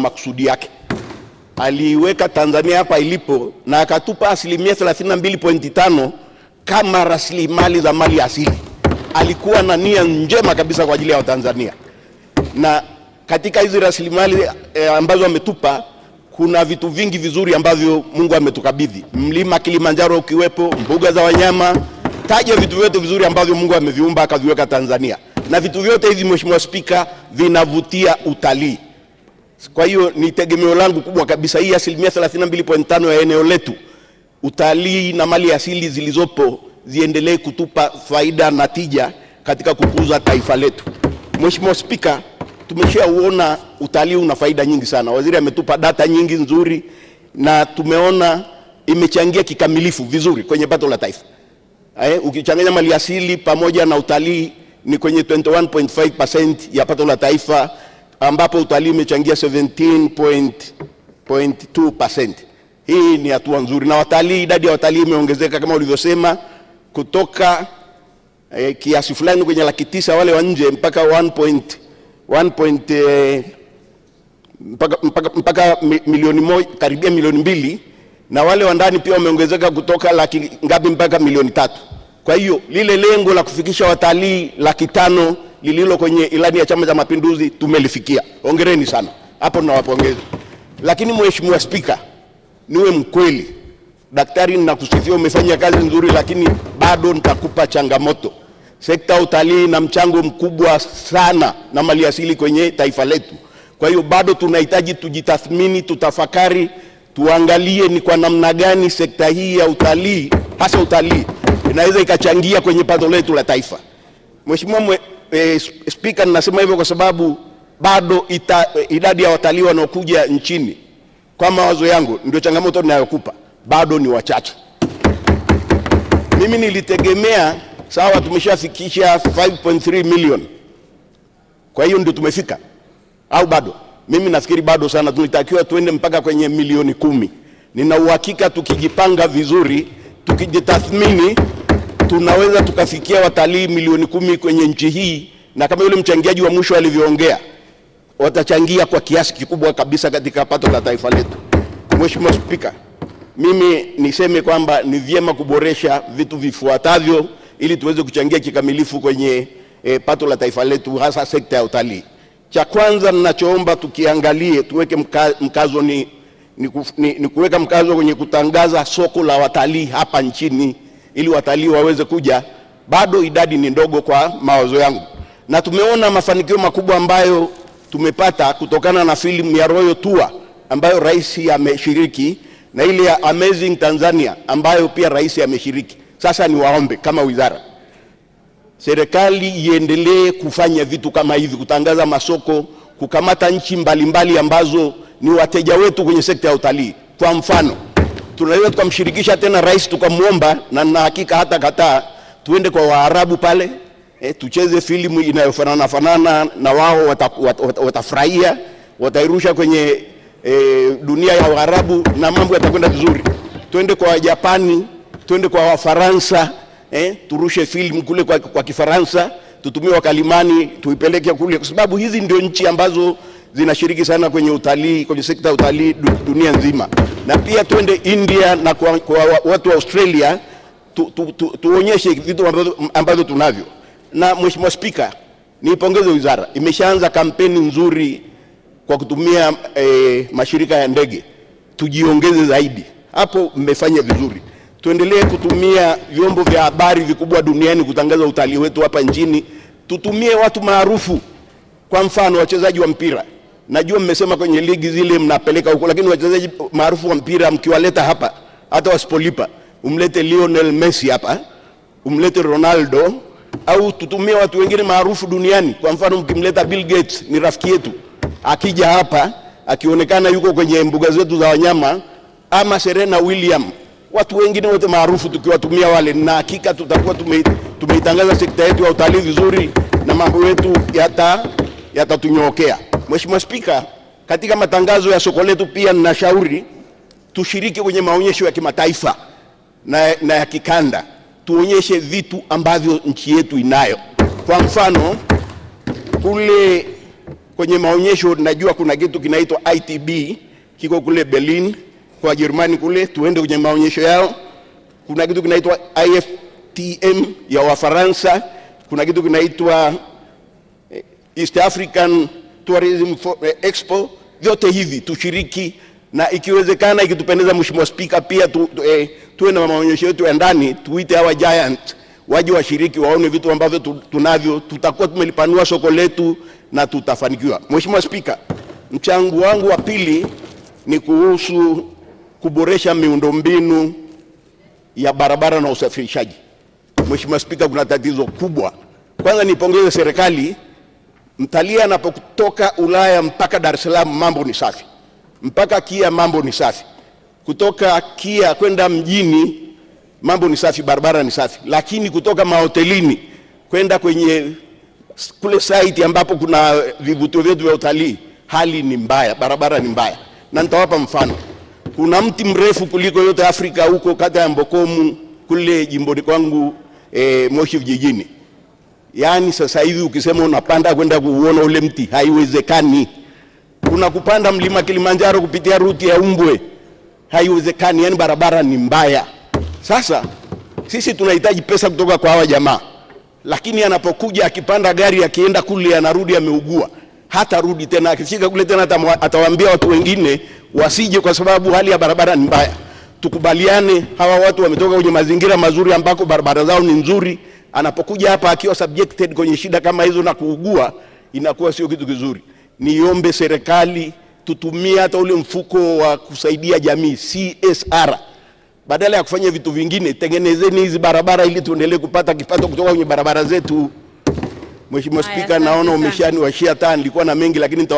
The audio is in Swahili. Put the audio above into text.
makusudi yake. Aliiweka Tanzania hapa ilipo na akatupa asilimia 32.5 kama rasilimali za mali asili. Alikuwa na nia njema kabisa kwa ajili ya Watanzania, na katika hizi rasilimali e, ambazo ametupa kuna vitu vingi vizuri ambavyo Mungu ametukabidhi, mlima Kilimanjaro ukiwepo, mbuga za wanyama. Taja vitu vyote vizuri ambavyo Mungu ameviumba akaviweka Tanzania, na vitu vyote hivi, Mheshimiwa Spika, vinavutia utalii. Kwa hiyo ni tegemeo langu kubwa kabisa, hii asilimia 32.5 ya eneo letu, utalii na mali asili zilizopo ziendelee kutupa faida na tija katika kukuza taifa letu. Mheshimiwa Spika, tumeshauona utalii una faida nyingi sana. Waziri ametupa data nyingi nzuri, na tumeona imechangia kikamilifu vizuri kwenye pato la taifa. Eh, ukichanganya mali asili pamoja na utalii ni kwenye 21.5% ya pato la taifa ambapo utalii umechangia 17.2%. Hii ni hatua nzuri, na watalii, idadi ya watalii imeongezeka kama ulivyosema kutoka eh, kiasi fulani kwenye laki tisa wale wa nje mpaka 1 point, eh, mpaka, mpaka, mpaka milioni moja karibia milioni mbili na wale wa ndani pia wameongezeka kutoka laki ngapi mpaka milioni tatu. Kwa hiyo lile lengo la kufikisha watalii laki tano lililo kwenye ilani ya Chama cha Mapinduzi tumelifikia. Hongereni sana, hapo nawapongeza. Lakini Mheshimiwa Spika, niwe mkweli, daktari, ninakusifia umefanya kazi nzuri, lakini bado nitakupa changamoto. Sekta ya utalii na mchango mkubwa sana na maliasili kwenye taifa letu. Kwa hiyo bado tunahitaji tujitathmini, tutafakari, tuangalie ni kwa namna gani sekta hii ya utalii, hasa utalii, inaweza ikachangia kwenye pato letu la taifa. Mheshimiwa mwe e, eh, Spika, ninasema hivyo kwa sababu bado ita, eh, idadi ya watalii wanaokuja nchini kwa mawazo yangu, ndio changamoto ninayokupa, bado ni wachache. Mimi nilitegemea sawa, tumeshafikisha 5.3 million kwa hiyo ndio tumefika au bado? Mimi nafikiri bado sana, tunatakiwa tuende mpaka kwenye milioni kumi. Nina uhakika tukijipanga vizuri, tukijitathmini tunaweza tukafikia watalii milioni kumi kwenye nchi hii, na kama yule mchangiaji wa mwisho alivyoongea, watachangia kwa kiasi kikubwa kabisa katika pato la taifa letu. Mheshimiwa Spika, mimi niseme kwamba ni vyema kuboresha vitu vifuatavyo ili tuweze kuchangia kikamilifu kwenye e, pato la taifa letu, hasa sekta ya utalii. Cha kwanza ninachoomba tukiangalie, tuweke mka, mkazo ni, ni, ni, ni kuweka mkazo kwenye kutangaza soko la watalii hapa nchini ili watalii waweze kuja. Bado idadi ni ndogo kwa mawazo yangu, na tumeona mafanikio makubwa ambayo tumepata kutokana na filamu ya Royal Tour ambayo rais ameshiriki na ile ya Amazing Tanzania ambayo pia rais ameshiriki. Sasa niwaombe kama wizara, serikali iendelee kufanya vitu kama hivi, kutangaza masoko, kukamata nchi mbalimbali mbali ambazo ni wateja wetu kwenye sekta ya utalii. Kwa mfano tunaweza tukamshirikisha tena rais tukamwomba, na na hakika hata kataa, tuende kwa Waarabu pale eh, tucheze filimu inayofanana fanana na wao, watafurahia wat, wat, watairusha kwenye eh, dunia ya Waarabu na mambo yatakwenda vizuri. tuende kwa japani tuende kwa Wafaransa eh, turushe filimu kule kwa, kwa Kifaransa tutumie wakalimani tuipeleke kule, kwa sababu hizi ndio nchi ambazo zinashiriki sana kwenye utalii, kwenye sekta ya utalii dunia nzima na pia twende India na kwa, kwa watu wa Australia tu, tu, tu, tuonyeshe vitu ambavyo tunavyo. Na Mheshimiwa Spika, niipongeze wizara, imeshaanza kampeni nzuri kwa kutumia eh, mashirika ya ndege. Tujiongeze zaidi hapo, mmefanya vizuri. Tuendelee kutumia vyombo vya habari vikubwa duniani kutangaza utalii wetu hapa nchini. Tutumie watu maarufu, kwa mfano wachezaji wa mpira najua mmesema kwenye ligi zile mnapeleka huko, lakini wachezaji maarufu wa mpira mkiwaleta hapa, hata wasipolipa, umlete Lionel Messi hapa, umlete Ronaldo au tutumie watu wengine maarufu duniani. Kwa mfano, mkimleta Bill Gates, ni rafiki yetu, akija hapa akionekana yuko kwenye mbuga zetu za wanyama, ama Serena William, watu wengine wote maarufu, tukiwatumia wale, na hakika tutakuwa tumeitangaza sekta yetu ya utalii vizuri, na mambo yetu yatatunyokea yata Mheshimiwa Spika, katika matangazo ya soko letu pia ninashauri tushiriki kwenye maonyesho ya kimataifa na, na ya kikanda, tuonyeshe vitu ambavyo nchi yetu inayo. Kwa mfano kule kwenye maonyesho najua kuna kitu kinaitwa ITB kiko kule Berlin kwa Jerumani kule, tuende kwenye maonyesho yao. Kuna kitu kinaitwa IFTM ya Wafaransa, kuna kitu kinaitwa eh, East African Tourism eh, Expo, vyote hivi tushiriki, na ikiwezekana, ikitupendeza Mheshimiwa Spika, pia tu, tu, eh, tuwe na maonyesho yetu ya ndani, tuite hawa giant waje washiriki, waone vitu ambavyo tunavyo. Tutakuwa tumelipanua soko letu na tutafanikiwa. Mheshimiwa Spika, mchango wangu wa pili ni kuhusu kuboresha miundombinu ya barabara na usafirishaji. Mheshimiwa Spika, kuna tatizo kubwa. Kwanza nipongeze serikali Mtalii anapotoka Ulaya mpaka Dar es Salaam mambo ni safi, mpaka KIA mambo ni safi, kutoka KIA kwenda mjini mambo ni safi, barabara ni safi, lakini kutoka mahotelini kwenda kwenye kule site ambapo kuna vivutio vyetu vya utalii hali ni mbaya, barabara ni mbaya. Na nitawapa mfano, kuna mti mrefu kuliko yote Afrika huko kata ya Mbokomu kule jimboni kwangu, eh, Moshi vijijini Yaani sasa hivi ukisema unapanda kwenda kuuona ule mti haiwezekani. Kuna kupanda mlima Kilimanjaro kupitia ruti ya Umbwe haiwezekani, yaani barabara ni mbaya. Sasa sisi tunahitaji pesa kutoka kwa hawa jamaa, lakini anapokuja akipanda gari akienda kule anarudi ameugua, hata rudi tena. Akifika kule tena atawaambia watu wengine wasije, kwa sababu hali ya barabara ni mbaya. Tukubaliane, hawa watu wametoka kwenye mazingira mazuri ambako barabara zao ni nzuri anapokuja hapa akiwa subjected kwenye shida kama hizo na kuugua, inakuwa sio kitu kizuri. Niombe serikali tutumie hata ule mfuko wa kusaidia jamii CSR, badala ya kufanya vitu vingine, tengenezeni hizi barabara ili tuendelee kupata kipato kutoka kwenye barabara zetu. Mheshimiwa Spika, naona umeshaniwashia taa, nilikuwa na mengi lakini